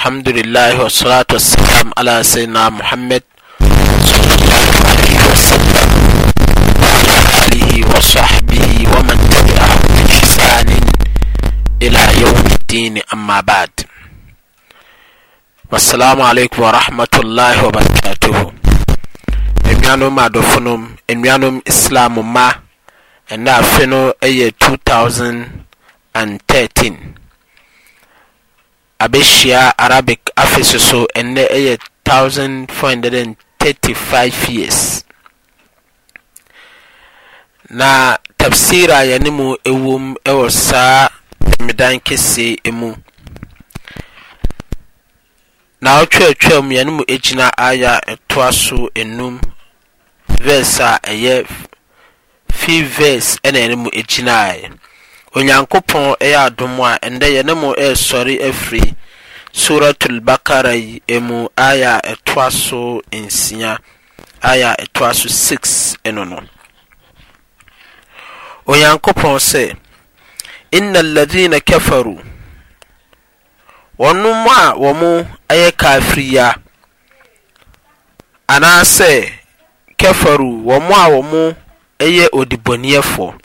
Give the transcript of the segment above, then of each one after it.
الحمد لله والصلاة والسلام على سيدنا محمد صلى الله عليه وسلم وعلى آله وصحبه ومن تبعهم بإحسان إلى يوم الدين أما بعد والسلام عليكم ورحمة الله وبركاته nnuanom adɔfonom nnuanom islam ma ɛnna afe no yɛ 2013 abɛhyia arabic afeso so ɛnɛ ɛyɛ 1435 years na tafsir a yɛne mu ɛwom ɛwɔ saa tɛmedan kɛseɛ mu na ɔtwerɛtwerɛ mu yɛne mu ɛgyina aya ɛtoa so enum verse a ɛyɛ fi verse ɛna yɛne mu ɛgyinaeɛ onyankopɔn ɛyɛ adom a ɛndɛ yɛne mu ɛresɔre afiri suratul bakara yi mu aya ɛtoa so nsia aya ɛtoa so six ɛno no onyankopɔn sɛ inna alladhina kafaru wɔnom a wɔn ɛyɛ ya, anaasɛ kafaru wɔn a wɔn ɛyɛ odibɔniɛfoɔ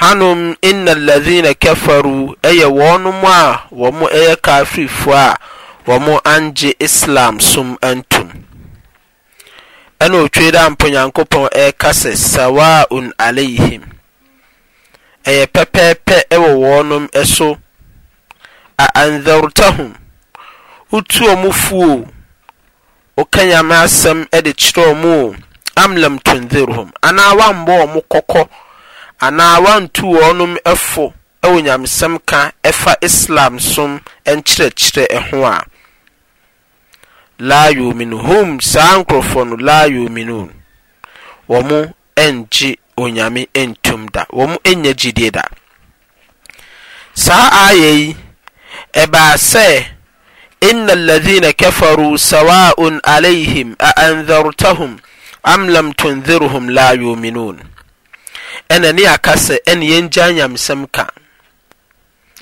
hanom inna ladhina kafaru ɛyɛ wɔnom a wɔn ɛyɛ kafirifoɔ a wɔn angye islam som antum ɛna otwe dɛ ampo nyankopɔn ɛreka sɛ sawaun alayhim ɛyɛ pɛpɛɛpɛ ɛwɔ wɔnom ɛso a anzartahum wotu ɔmo fuo woka nyame asɛm ɛde kyerɛ ɔmo am lam tunzirhum anaa wambɔ ɔmo kɔkɔ anaawantunom fo o nyamesɛm ka ɛfa islam som nkyerɛkyerɛ ho ahsncrn la ymnnyd da saa ayai basɛ inna laina kafaru sawaon alaihim aanheretahum am lam tnerhum la yomenoon ɛna ne aka sɛ ɛne yɛngya nyamesɛm ka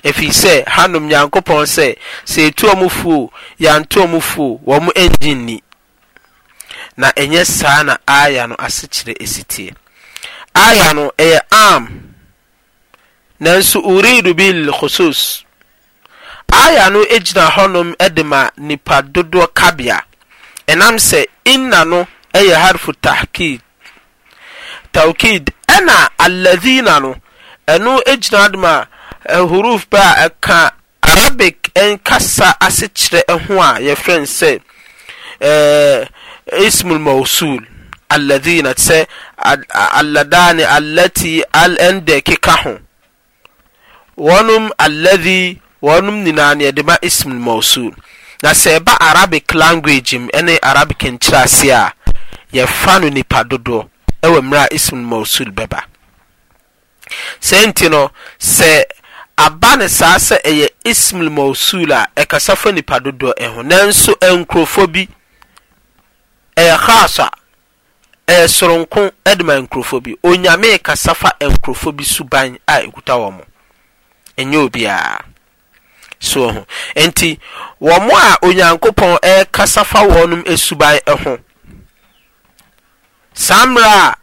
ɛfiri sɛ hanom nyankopɔn sɛ sɛ ɛtuɔ mu fuo yɛantoɔ mu fuo wɔn ɛngye nni na ɛnyɛ saa na aya no asekyerɛ ɛsitie aya no ɛyɛ am nanso uridu bil khusus aya no ɛgyina hɔnom ɛde ma nipa dodoɔ kabea ɛnam sɛ inna no ɛyɛ harfo tahkid tawkid ɛna alladhina no ɛno gyina dem a huruf pɛ a ɛka arabic nkasa ase kyerɛ ɛho a yɛfrɛ n sɛ ɛɛ ismul mawsul alladhina sɛ alladani allati alɛnde keka ho wɔnom alladhi wɔnom nyinaa ne yɛde ma ismul mawsul na sɛ ɛba arabic language mu ɛne arabic nkyerɛ ase a yɛfa no nipa dodoɔ ɛwɔ mmerɛ a ism mausul bɛba saa nti no sɛ aba ne saa sɛ ɛyɛ ism mausul a ɛkasa fa nipa dodoɔ ɛho nanso nkurɔfoɔ bi ɛyɛ khaasa ɛyɛ soronko ɛde ma nkurɔfoɔ bi onyame kasa fa nkurɔfoɔ bi suban a ɛkuta wɔn ɛnyɛ obiara so ho nti wɔn a onyankopɔn ɛkasa fa wɔn suban ɛho saa mmerɛ a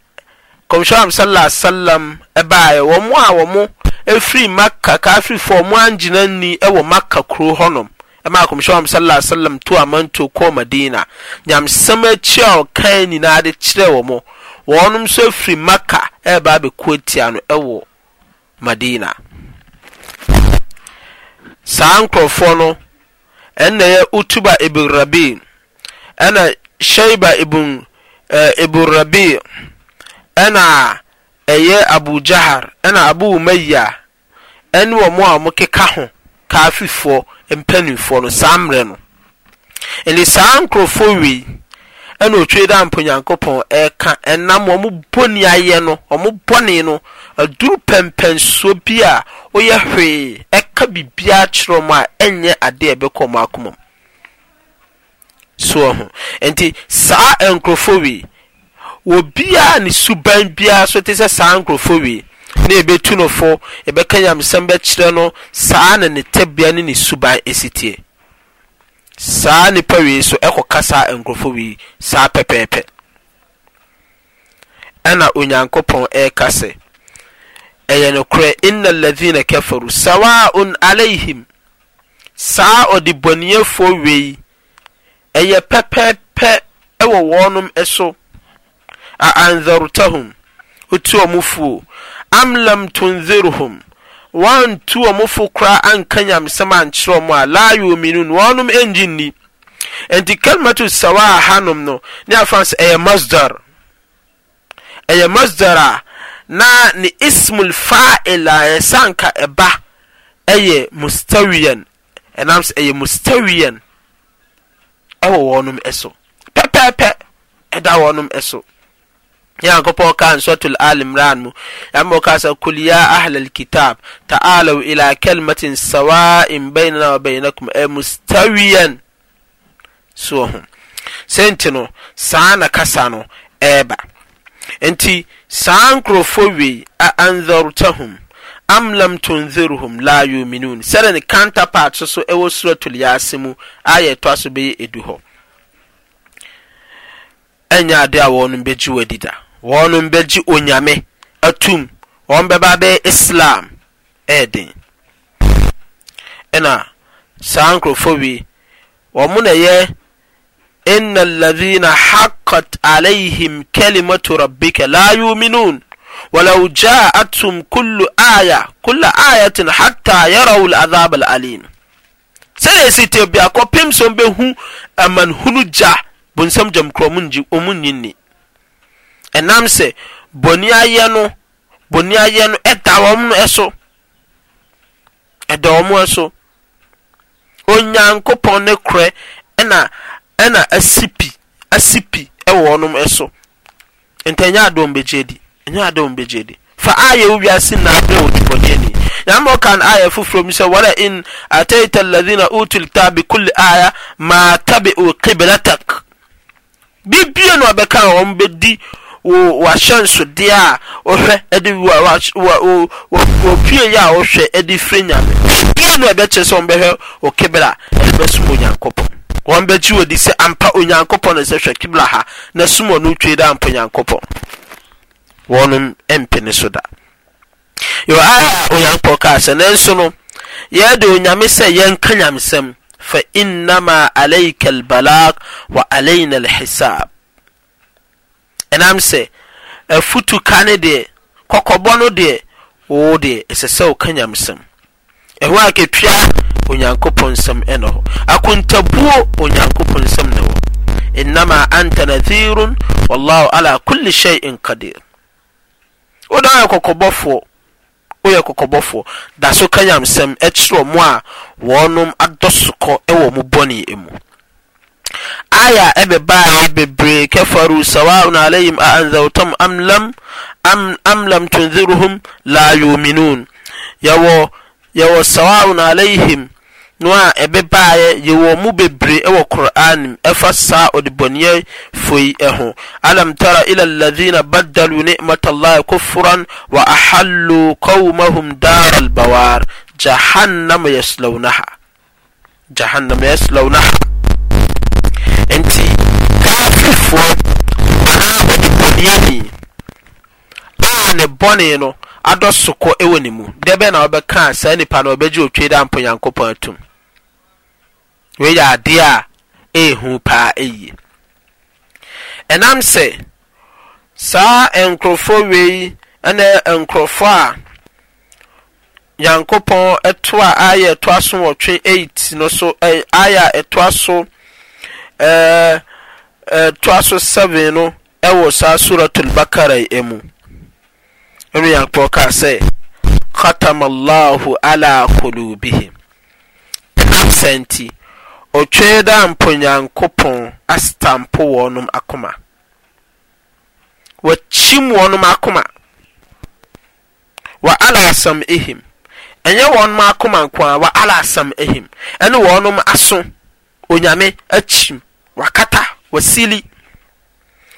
kɔmhyɛwam sala salam ɛbaeɛ wɔ mo a wɔ mo ɛfiri makka kafirifoɔ ɔmo angyina nni ɛwɔ makka kuro hɔnom ɛma kɔmhyɛwam sala salam to amanto kɔɔ madina nyamsɛm akyi a ɔkan nyinaa de kyerɛ wɔ mo wɔnom nso afiri makka ɛreba abɛkuo tia no ɛwɔ madina saa nkurɔfoɔ no ɛnna yɛ utuba ibn rabin ɛna shaiba ibn Eh, ibn rabi ɛna ɛyɛ abu jahar ɛna abu umayya ɛne wɔn a keka ho kaafifoɔ mpanimfoɔ no saa mmerɛ no ɛne saa nkurɔfoɔ wei ɛna otwe da mpo ɛka ɛnam wɔn bɔne ayɛ no wɔn bɔne no aduru pɛmpɛnsoɔ bi a ɔyɛ hwee ɛka biribiara kyerɛ wɔn a ɛnyɛ adeɛ ɛbɛkɔ wɔn akoma mu soɔ ho nti saa nkurɔfoɔ wei obiara ne suban biara so te sɛ saa nkurɔfoɔ wei na ebetu no fo ebɛka nyamsɛm bɛkyerɛ no saa na ne tɛbea ne ne suban esitie saa nipa wei so ɛkɔka saa nkurɔfoɔ wei saa pɛpɛɛpɛ ɛna onyankopɔn ɛɛka sɛ ɛyɛ nokorɛ inna alladhina kafaru sawaun alaihim saa ɔdebɔneɛfoɔ wei ɛyɛ pɛpɛɛpɛ ɛwɔ wɔnom ɛso a anzartahum wotu ɔmo am lam tunzirhum wɔantu ɔmo koraa anka nyamesɛm ankyerɛ ɔmo a la yuminun wɔnom ɛngye nni nti kalimatu sawa a hanom no ne afa sɛ ɛyɛ masdar ɛyɛ masdar a na ne ismul fa'il a ɛsanka ɛba ɛyɛ mustawiyan ɛnam sɛ ɛyɛ mustawiyan wwnsɛ dawɔnmsopɔakansatol alim ram akasɛ kuya asllkitab taala ela celimaten sawaen bainana wa bainakum mustawianssen tin saana kasanɔɛɛbat saankrɔfowe aanrtahum am lam tunziruhum la yuminun sɛde ne counterpart so so ɛwɔ suratul yase mu a yɛ ɛtɔ so bɛyɛ edu hɔ ɛnyɛ ade a wɔn bɛgye wɔ adida wɔn bɛgye onyame atum wɔn bɛba bɛyɛ islam ɛɛden ɛna saa nkurɔfoɔ wi wɔn na yɛ inna alladhina haqqat alayhim kalimatu rabbika la yuminun ولو جاءتهم كل آية كل آية حتى يروا العذاب الأليم sɛdeɛ ɛsi te bia kɔpem sɛ ɔmbɛhu amanhunu gya bonsam gyam korɔ ɔmo ngye ɔmo nyi ni ɛnam sɛ bɔne ayɛ no bɔne ayɛ no ɛda wɔn no ɛso ɛda wɔn ɛso onyankopɔn ne korɛ ɛna ɛna asipi asipi ɛwɔ wɔn ɛso ntɛnyɛ adɔm bɛgye di ɛnyɛ ade wɔn bɛgye di fa ayɛ wo wiase nnaadɛ wɔ tubɔnyɛni nyama ɔka no ayɛ foforɔ mu sɛ wala in ataita alladhina utu lkitabi kulli aya ma tabiu qiblatak bibie no ɔbɛka a wɔn bɛdi wahyɛnsodeɛ a wɔhwɛ de wɔpue yɛ a wɔhwɛ de firi nyame bibie no ɛbɛkyerɛ sɛ wɔbɛhwɛ wɔ kibla ɛde bɛsom onyankopɔn wɔn bɛgye wɔ di sɛ ampa onyankopɔn no sɛ hwɛ kibla ha na som ɔno twe dɛ ampa onyankopɔn wɔnom mpene so da yɛwɔ aya a onyankopɔn kaa sɛ nanso no yɛde onyame sɛ yɛnka nyamesɛm fa innama alaika albalag wa alaina alhisab ɛnam sɛ afutu ka ne deɛ kɔkɔbɔ no deɛ wo deɛ ɛsɛ sɛ woka nyamesɛm ɛho akatua onyankopɔn nsɛm ɛna hɔ akontabuo onyankopɔn nsɛm na hɔ innama anta nadhirun wallahu ala kulli shay'in qadir wo na woyɛ kɔkɔbɔfoɔ woyɛ kɔkɔbɔfoɔ da so ka nyamsɛm kyerɛ mo a wɔnom adɔsokɔ wɔ mo bɔne mu aya ɛbɛbaa yi bebree kafaru sawaun alayhim a anzawtam am lam am am lam tunziruhum la yuminun yɛwɔ yɛwɔ sawaun alayhim no a ɛbɛbaeɛ yɛwɔ mu bebree wɔ qur'an mu ɛfa saa ɔdebɔneɛ foi ho alam tara ila alladhina baddalu ni'mat allahi kufran wa ahallu qawmahum dar albawar jahannam yaslawnaha jahannam yaslawnaha nti kaafifoɔ anaa ɔdebɔneɛ ni a ne bɔne no adɔ sokɔ wɔ ne mu dɛ bɛn na wɔbɛka saa nipa no wɔbɛgye otwe dɛ ampo nyankopɔn atum wei yɛ adeɛ a ɛɛhu paa ɛyie ɛnam sɛ saa nkurɔfoɔ wei ɛna nkurɔfoɔ a nyankopɔn ɛto a ayɛ ɛtoa so wɔtwe eight no so ɛyɛ ayɛ a ɛtoa so ɛɛ ɛtoa so seven no ɛwɔ saa suratul bakara yi mu ɛnu nyankopɔn kaa sɛ khatam allahu ala kolubihim ɛnam sɛ nti. ɔtwe dɛ amponyankopɔn astampo wɔnom akoma wakyim wɔnom akoma wa ala asam ihim ɛnyɛ wɔnom akoma nko a wa ala asam ihim ɛne wɔnom aso onyame akyim wakata wasili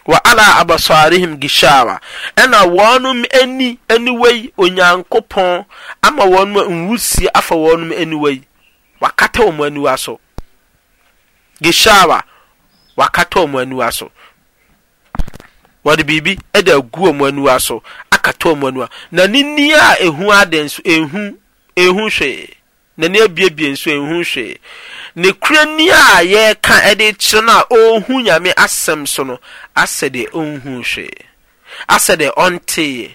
wa ala abasarihim gishawa ɛna wɔnom ani aniwei onyankopɔn ama wɔnom nwusie afa wɔnom aniwei wakata wɔn aniwa so gishawa wakata wɔn aniwa so wɔde biribi ɛde agu wɔn aniwa so akata wɔn aniwa na nini a ehu ade nso ehu ehu hwee nani abiebie nso ehu hwee ne kura ni a yɛreka ɛde kyerɛ no a ɔnhu nyame asɛm so no asɛ deɛ ɔnhu hwee asɛ deɛ ɔntee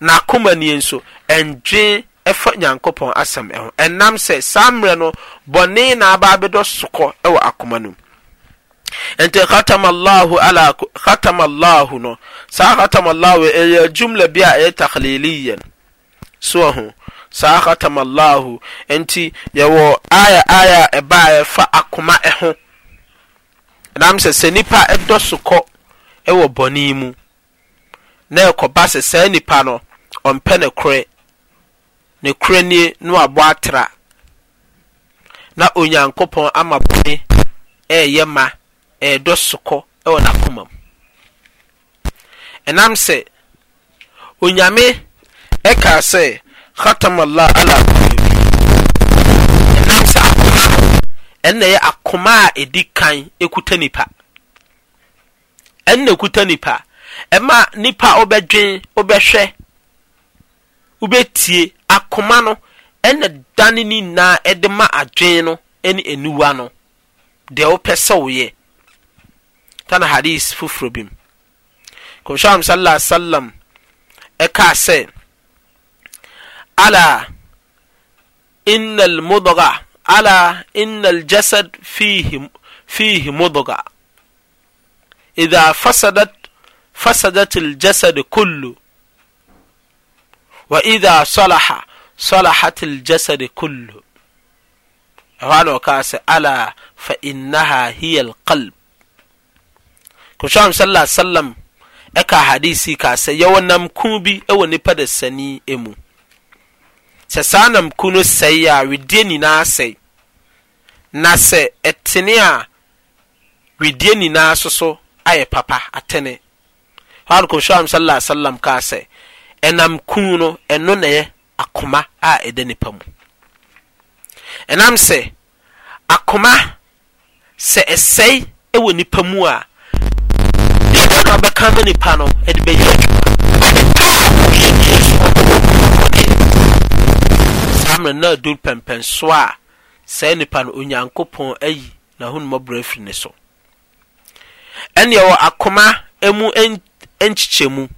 na akoma nie nso ɛndwe ɛfa nyankopɔn asɛm ɛho ɛnam sɛ saa mmerɛ no bɔne na aba abɛdɔ sokɔ ɛwɔ akoma no mu nti khatamallahu ala Allahu no saa khatamallahu ɛyɛ e, e, jumla bi a ɛyɛ e, takhliliyan so ho saa khatamallahu nti yɛwɔ aya aya ɛba ɛfa akoma ɛho ɛnam sɛ sɛ nipa ɛdɔ sokɔ ɛwɔ bɔne mu na ɛkɔba sɛ saa nipa no ɔmpɛ ne korɛ ne kura nie no abɔ atra na onyankopɔn ama bɔne ɛɛyɛ ma ɛɛdɔ sokɔ ɛwɔ n'akoma mu ɛnam sɛ onyame ɛkaa sɛ khatamallah ala ɛnam sɛ akoma no ɛnna ɛyɛ akoma a ɛdi kan ekuta nipa ɛnna ekuta nipa ɛma nipa ɔbɛdwen ɔbɛhwɛ ɔbɛtie akoma no ɛna dane ne nyinaa ɛde ma adwene no ne aniwa no deɛ wopɛ sɛ woyɛ tana hadis foforɔ bi mu kɔmhyɛwam sallallahu sallam ɛkaa sɛ ala inna almudga ala inna aljasad fihi fihi mudga idha fasadat fasadat aljasad kullu وإذا صلح صلحت الجسد كله هذا وكاس ألا فإنها هي القلب كشام صلى الله عليه وسلم أكا حديثي كاس يو نم كوبي أو نبدا سني إمو سسانم كونو سيا ودني ناسي nasɛ ɛtene a wedie nyinaa so so ayɛ papa atene hɔ ankɔhwɛ am sala sallam kaa sɛ ɛnam kun no ɛno na yɛ akoma a ɛda nipa mu ɛnam sɛ akoma sɛ ɛsɛe ɛwɔ nipa mu a nipa na ɔbɛka ma nipa no ɛde bɛyɛ adwuma samre na aduru pɛmpɛn so a sɛɛ nipa no onyankopɔn ayi n'ahonumɔborɔ afiri ne so ɛnneɛ wɔ akoma mu nkyekyɛmu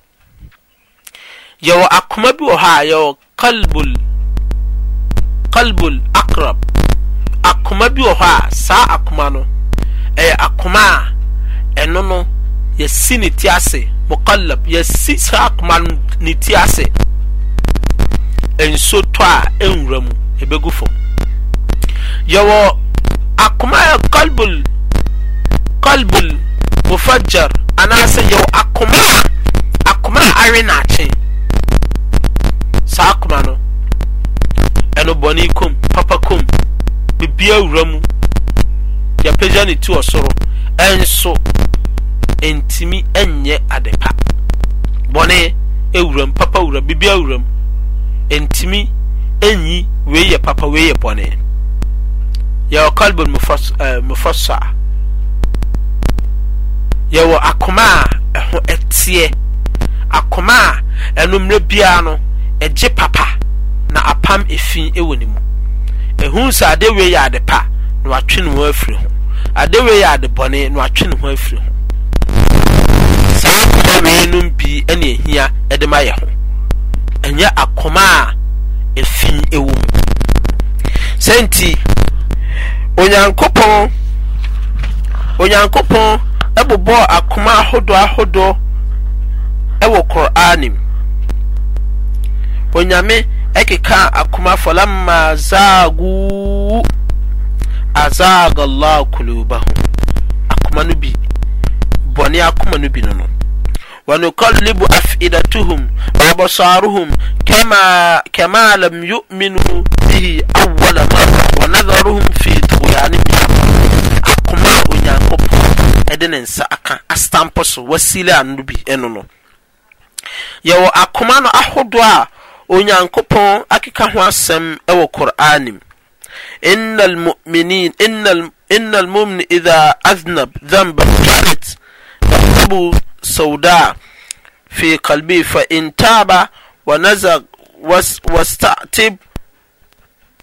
yɛwɔ akoma bi wɔ hɔ a yɛwɔ kalbul kalbul akrab akoma bi wɔ hɔ a saa akoma no ɛyɛ akoma a ɛno no yɛsi ne ti ase mukallab yɛsi saa akoma no ne ti ase nsuo tɔ a nwura mu ebegu fam yɛwɔ akoma yɛ kalbul kalbul mufajjar anaasɛ yɛwɔ akoma akoma a awe n'akyen. bɔne kom papa kom bibia wura mu yɛpagya ne tu ɔsoro ɛnso ɛntimi ɛnyɛ ade pa bɔne ɛwuram papa wura bibia wuram ɛntimi ɛnyi wei yɛ papa wei yɛ bɔne yɛwɔ kalbon mufasa eh, uh, yɛwɔ akoma a ɛho ɛteɛ akoma a ɛno mmerɛ biara no ɛgye papa na apam efi ɛwɔ ne mu ehu sɛ ade wei yɛ ade pa na watwe ne ho afiri ho ade wei yɛ ade bɔne na watwe ne ho afiri ho saa kuma wei no bi ne ehia de ma yɛ ho ɛnyɛ akoma a efi wɔ mu sɛnti onyankopɔn onyankopɔn ɛbobɔ akoma ahodoɔ ahodoɔ ɛwɔ kɔrɔ anim onyame. ɛkeka akoma falamma zaagu azaaga allah kulubahum akoma no bi bɔne akoma no bi no no ونقلب أفئدتهم وأبصارهم كما كما لم يؤمنوا به أول مرة ونذرهم في طغيانهم akoma onyankopɔn ɛde ne nsa aka astampɔ so wasile ano bi ɛno no yɛwɔ akoma no ahodoɔ a onyankopɔn akeka ho asɛm wɔ qur'ane mu إن المؤمنين إن الم... إن المؤمن إذا أذنب ذنبا كانت ذنبه سوداء في قلبه فإن تاب ونزغ وس... واستعتب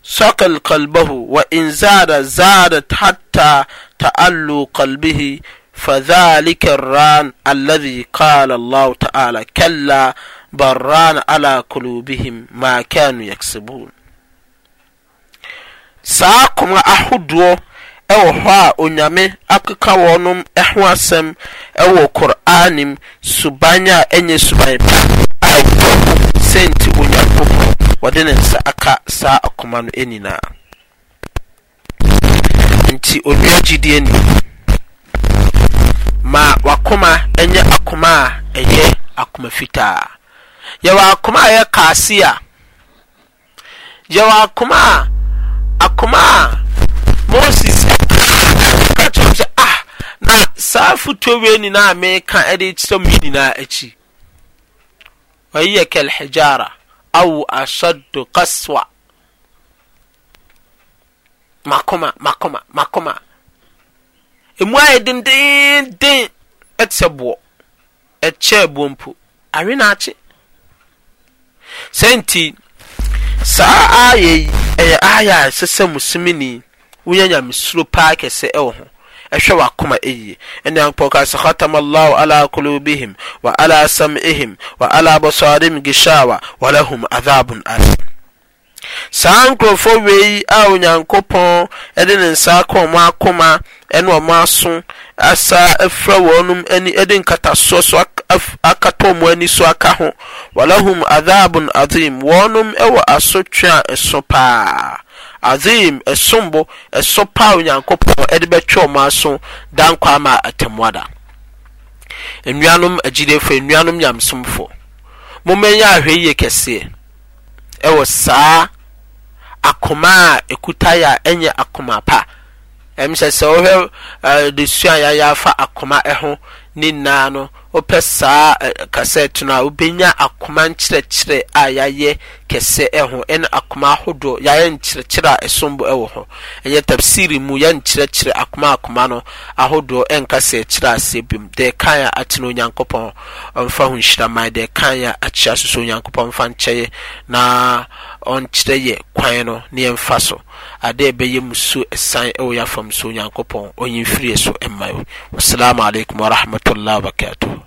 صقل قلبه وإن زاد زادت حتى تألو قلبه فذلك الران الذي قال الله تعالى كلا barran ala kulubihim ma kanu yaksibun saa akoma ahodoɔ ɛwɔ hɔ a onyame akeka wɔnom ho asɛm ɛwɔ kor'anim suban a ɛnyɛ suban pa a senti onyankopɔn wɔde ne nsa aka saa akoma no nyinaa nti onua gyidie ni ma wakoma ɛnyɛ akoma a ɛyɛ akoma fitaa yɛwɔ akoma a ɛyɛ kaasia yɛwɔ akoma a akoma a moses ka sɛ ah na saa fotuo wei nyinaa meka ɛde eh, kyerɛ mu nyinaa akyi wɔyɛ kɛlhijara aw ashaddu qaswa makoma makoma makoma emu ayɛ dendenden ɛte sɛ boɔ ɛkyɛ boɔ mpo awe na akye sɛnti saa aya yi ɛyɛ aya a ɛsɛ sɛ musumini wonya nyamesuro paa kɛsɛ ɛwɔ ho ɛhwɛ wakoma ɛyie ɛne nyankopɔn ka sɛ khatama allahu ala kulubihim wa ala sam'ihim wa ala basarim gishawa wa lahum adhabun alim saa nkurɔfoɔ wei a onyankopɔn de ne nsa ko ɔmo akoma ne ɔmo aso asa afura wɔn ani de nkatasoɔ so akatɔ wɔn ani so aka ho walahum adhabun adhim wɔnom wɔ asotwe a ɛso paa adhim ɛsom bo ɛso paa onyankopɔn ɛde bɛtwe wɔn aso dan kɔ ama atemmuada nnuanom agyilefo nnuanom nyamsomfo mommɛnyɛ ahwɛ yie kɛseɛ ɛwɔ saa akoma a ɛkuta yɛ a ɛnyɛ akoma pa ɛm sɛ sɛ wohwɛ desua yɛayɛ afa akoma ɛho ne nnaa no wopɛ saa kasɛt eh, no a wobɛnya akoma nkyerɛkyerɛ a yɛayɛ kɛsɛ ɛho ɛna akoma ahodoɔ yɛayɛ nkyerɛkyerɛ a ɛsom bo ɛwɔ ho ɛyɛ tafsiri mu yɛ nkyerɛkyerɛ akoma akoma no ahodoɔ ɛnka ɛkyerɛ kyerɛ aseɛ bim deɛ kan a atena onyankopɔn ɔmfa ho nhyiraman deɛ kan a akyea soso onyankopɔn mfa nkyɛeɛ na ɔnkyerɛ yɛ kwan no ne yɛmfa so ade ɛbɛyɛ musuo ɛsan ɛwɔ yɛafa musuo nyankopɔn ɔnyimfiriɛ so mma wasalamu alaikum warahmatullahi wabarakatuh